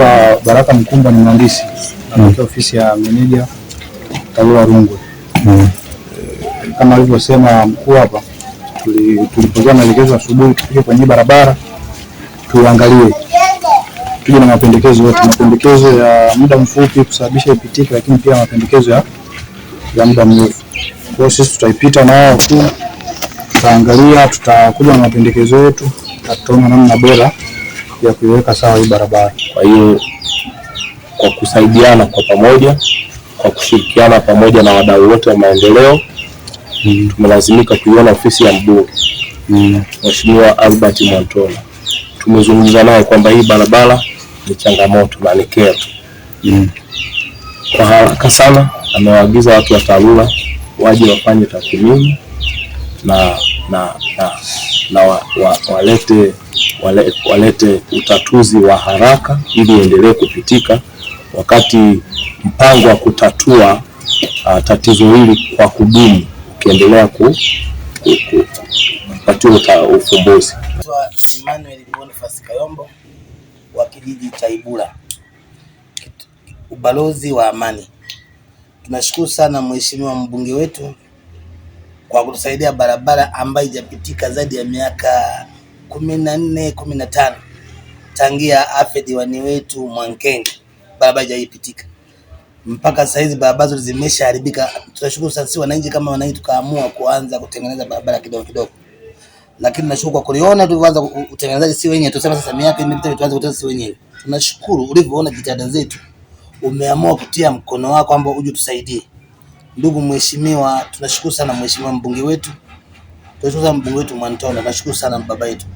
Kwa Baraka Mkumba ni mhandisi anatoka ofisi ya meneja TARURA Rungwe. Mm. Kama alivyosema mkuu hapa, tulipokea maelekezo asubuhi tufike kwenye barabara tuangalie, tuje na mapendekezo yote, mapendekezo ya muda mfupi kusababisha ipitike, lakini pia mapendekezo ya, ya muda mrefu. Kwa hiyo sisi tutaipita nao tu, tutaangalia, tutakuja na mapendekezo yetu, tutaona namna bora ya kuiweka sawa hii barabara. Kwa hiyo kwa kusaidiana kwa pamoja, kwa kushirikiana pamoja na wadau wote wa maendeleo mm. tumelazimika kuiona ofisi ya mbunge mm. Mheshimiwa mm. Albert Mwantona. Tumezungumza naye kwamba hii barabara ni changamoto na ni kero mm. kwa haraka sana amewaagiza watu wa TARURA waje wafanye tathmini na, na, na, na walete wa, walete walete utatuzi wa haraka ili iendelee kupitika, wakati mpango wa kutatua uh, tatizo hili kwa kudumu ukiendelea ku kupatiwa ufumbuzi. Emmanuel Bonifas Kayombo wa kijiji cha Ibula, ubalozi wa amani. Tunashukuru sana mheshimiwa mbunge wetu kwa kutusaidia barabara ambayo ijapitika zaidi ya miaka kumi na nne kumi na tano tangia afe diwani wetu Mwankenge barabara hajaipitika mpaka sasa hizi barabara zote zimeshaharibika. Tunashukuru sana sisi wananchi, kama wananchi tukaamua kuanza kutengeneza barabara kidogo kidogo, lakini nashukuru kwa kuliona tulivyoanza utengenezaji si wenyewe, tusema sasa miaka imepita tuanze kutengeneza si wenyewe. Tunashukuru ulivyoona jitihada zetu, umeamua kutia mkono wako ambao uje tusaidie. Ndugu mheshimiwa, tunashukuru sana mheshimiwa mbunge wetu, tunashukuru sana mbunge wetu Mwantona, tunashukuru sana baba yetu.